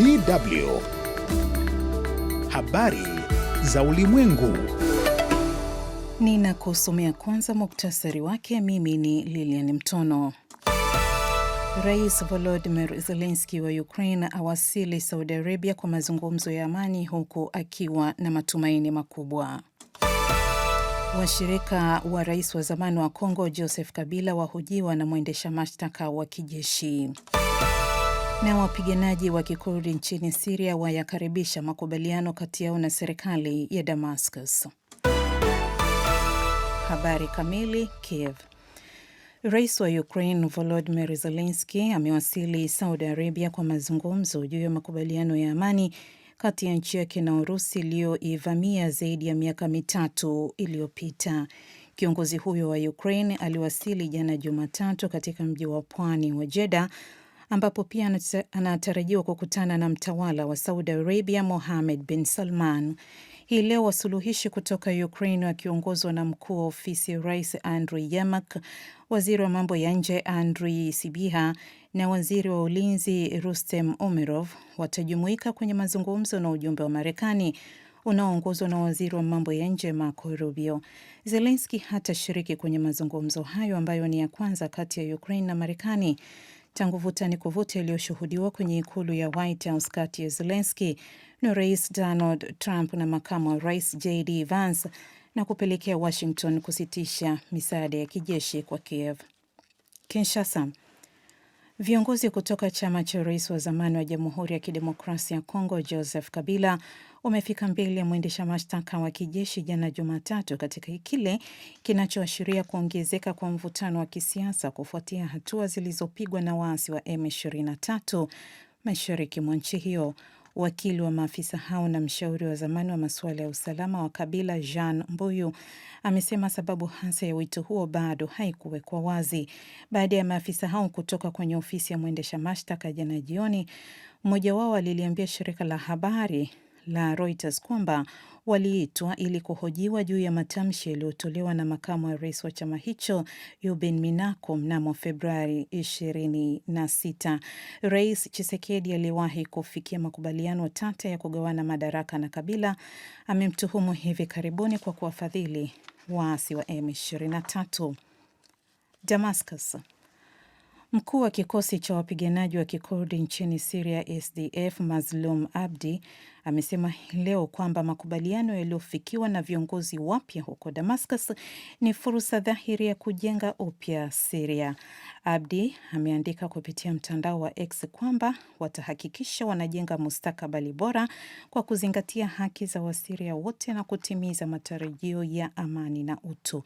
BW. Habari za Ulimwengu. Ninakusomea kwanza muktasari wake. Mimi ni Lilian Mtono. Rais Volodymyr Zelensky wa Ukraine awasili Saudi Arabia kwa mazungumzo ya amani huku akiwa na matumaini makubwa. Washirika wa rais wa zamani wa Kongo Joseph Kabila wahojiwa na mwendesha mashtaka wa kijeshi. Na wapiganaji wa kikurdi nchini Siria wayakaribisha makubaliano kati yao na serikali ya Damascus. Habari kamili. Kiev. Rais wa Ukraine Volodymyr Zelensky amewasili Saudi Arabia kwa mazungumzo juu ya makubaliano ya amani kati ya nchi yake na Urusi iliyoivamia zaidi ya miaka mitatu iliyopita. Kiongozi huyo wa Ukraine aliwasili jana Jumatatu katika mji wa pwani wa Jeddah ambapo pia anatarajiwa kukutana na mtawala wa Saudi Arabia Mohammed bin Salman. Hii leo wasuluhishi kutoka Ukraine wakiongozwa na mkuu wa ofisi ya rais Andriy Yermak, waziri wa mambo ya nje Andriy Sibiha na waziri wa ulinzi Rustem Umerov watajumuika kwenye mazungumzo na ujumbe wa Marekani unaoongozwa na waziri wa mambo ya nje Marco Rubio. Zelenski hatashiriki kwenye mazungumzo hayo ambayo ni ya kwanza kati ya Ukraine na Marekani tangu vuta ni kuvuta iliyoshuhudiwa kwenye ikulu ya White House kati ya zelenski na Rais Donald Trump na makamu wa rais JD Vance na kupelekea Washington kusitisha misaada ya kijeshi kwa Kiev. Kinshasa, viongozi kutoka chama cha rais wa zamani wa Jamhuri ya Kidemokrasia ya Kongo Joseph Kabila umefika mbele ya mwendesha mashtaka wa kijeshi jana Jumatatu katika kile kinachoashiria kuongezeka kwa mvutano wa kisiasa kufuatia hatua zilizopigwa na waasi wa M23 mashariki mwa nchi hiyo. Wakili wa maafisa hao na mshauri wa zamani wa masuala ya usalama wa Kabila Jean Mbuyu amesema sababu hasa ya wito huo bado haikuwekwa wazi. Baada ya maafisa hao kutoka kwenye ofisi ya mwendesha mashtaka jana jioni, mmoja wao aliliambia shirika la habari la Reuters kwamba waliitwa ili kuhojiwa juu ya matamshi yaliyotolewa na makamu wa rais wa chama hicho Yubin Minako mnamo Februari 26. Rais Chisekedi aliwahi kufikia makubaliano tata ya kugawana madaraka na Kabila amemtuhumu hivi karibuni kwa kuwafadhili waasi wa M23. Damascus Mkuu wa kikosi cha wapiganaji wa kikurdi nchini Siria, SDF, Mazlum Abdi amesema leo kwamba makubaliano yaliyofikiwa na viongozi wapya huko Damascus ni fursa dhahiri ya kujenga upya Siria. Abdi ameandika kupitia mtandao wa X kwamba watahakikisha wanajenga mustakabali bora kwa kuzingatia haki za Wasiria wote na kutimiza matarajio ya amani na utu.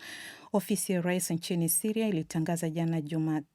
Ofisi ya rais nchini Siria ilitangaza jana Jumatatu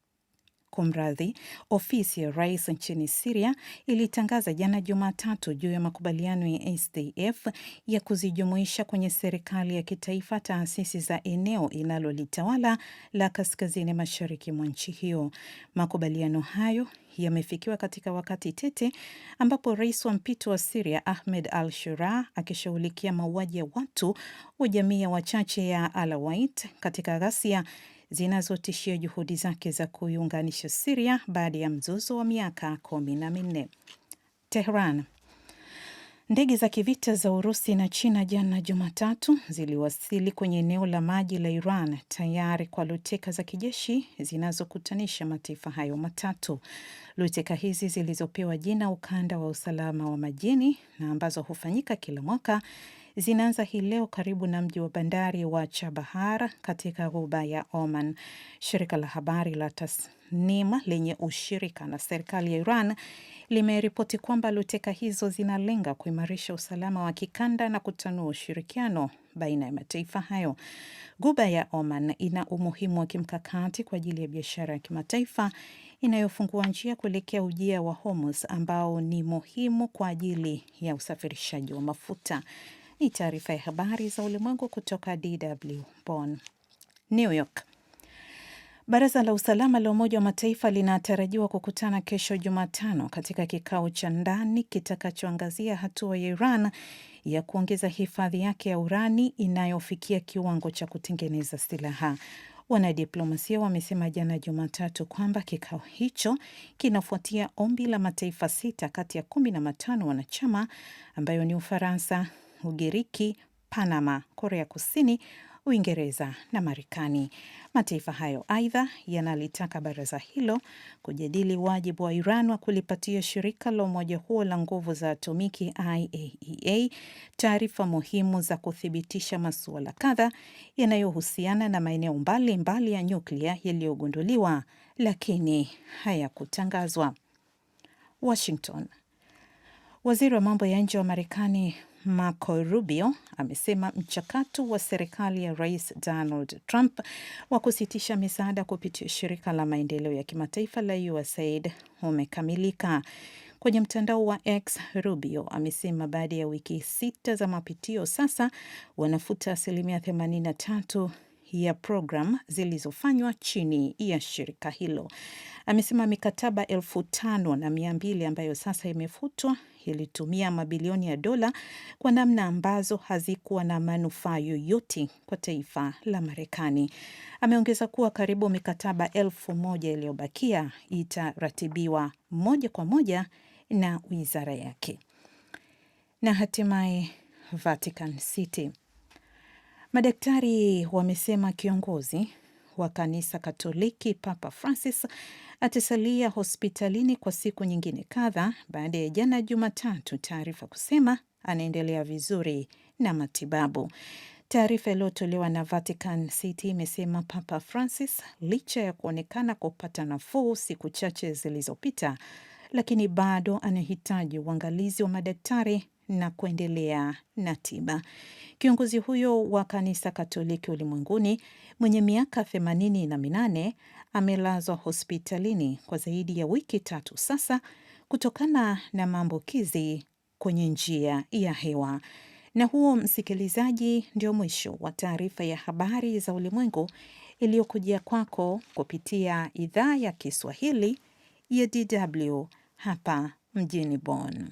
Kumradhi, ofisi ya rais nchini Siria ilitangaza jana Jumatatu juu ya makubaliano ya SDF ya kuzijumuisha kwenye serikali ya kitaifa taasisi za eneo inalolitawala la kaskazini mashariki mwa nchi hiyo. Makubaliano hayo yamefikiwa katika wakati tete ambapo rais wa mpito wa Siria Ahmed al Shura akishughulikia mauaji ya watu wa jamii ya wachache ya Alawait katika ghasia zinazotishia juhudi zake za kuiunganisha Siria baada ya mzozo wa miaka kumi na minne. Tehran. Ndege za kivita za Urusi na China jana Jumatatu ziliwasili kwenye eneo la maji la Iran tayari kwa luteka za kijeshi zinazokutanisha mataifa hayo matatu. Luteka hizi zilizopewa jina Ukanda wa Usalama wa Majini na ambazo hufanyika kila mwaka zinaanza hii leo karibu na mji wa bandari wa Chabahar katika ghuba ya Oman. Shirika la habari la Tasnima lenye ushirika na serikali ya Iran limeripoti kwamba luteka hizo zinalenga kuimarisha usalama wa kikanda na kutanua ushirikiano baina ya mataifa hayo. Ghuba ya Oman ina umuhimu wa kimkakati kwa ajili ya biashara ya kimataifa inayofungua njia kuelekea ujia wa Hormuz ambao ni muhimu kwa ajili ya usafirishaji wa mafuta. Ni taarifa ya habari za ulimwengu kutoka DW Bonn. New York. Baraza la usalama la Umoja wa Mataifa linatarajiwa kukutana kesho Jumatano katika kikao cha ndani kitakachoangazia hatua ya Iran ya kuongeza hifadhi yake ya urani inayofikia kiwango cha kutengeneza silaha. Wanadiplomasia wamesema jana Jumatatu kwamba kikao hicho kinafuatia ombi la mataifa sita kati ya kumi na matano wanachama ambayo ni Ufaransa, Ugiriki, Panama, Korea Kusini, Uingereza na Marekani. Mataifa hayo aidha yanalitaka baraza hilo kujadili wajibu wa Iran wa kulipatia shirika la umoja huo la nguvu za atomiki IAEA e taarifa muhimu za kuthibitisha masuala kadha yanayohusiana na maeneo mbalimbali ya nyuklia yaliyogunduliwa lakini hayakutangazwa. Washington. Waziri wa mambo ya nje wa Marekani Marco Rubio amesema mchakato wa serikali ya Rais Donald Trump wa kusitisha misaada kupitia shirika la maendeleo ya kimataifa la USAID umekamilika. Kwenye mtandao wa X, Rubio amesema baada ya wiki sita za mapitio sasa wanafuta asilimia 83 ya program zilizofanywa chini ya shirika hilo. Amesema mikataba elfu tano na mia mbili ambayo sasa imefutwa ilitumia mabilioni ya dola kwa namna ambazo hazikuwa na manufaa yoyote kwa taifa la Marekani. Ameongeza kuwa karibu mikataba elfu moja iliyobakia itaratibiwa moja kwa moja na wizara yake. Na hatimaye Vatican City Madaktari wamesema kiongozi wa kanisa Katoliki Papa Francis atasalia hospitalini kwa siku nyingine kadha baada ya jana Jumatatu taarifa kusema anaendelea vizuri na matibabu. Taarifa iliyotolewa na Vatican City imesema Papa Francis licha ya kuonekana kupata nafuu siku chache zilizopita, lakini bado anahitaji uangalizi wa madaktari na kuendelea na tiba. Kiongozi huyo wa kanisa Katoliki ulimwenguni mwenye miaka themanini na minane amelazwa hospitalini kwa zaidi ya wiki tatu sasa kutokana na maambukizi kwenye njia ya hewa. Na huo, msikilizaji, ndio mwisho wa taarifa ya habari za ulimwengu iliyokujia kwako kupitia idhaa ya Kiswahili ya DW hapa mjini Bonn.